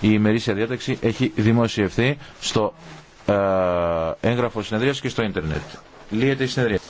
η ημερήσια διάταξη έχει δημοσιευθεί στο ε, έγγραφο συνεδρίας και στο ίντερνετ. Λύεται η συνεδρία.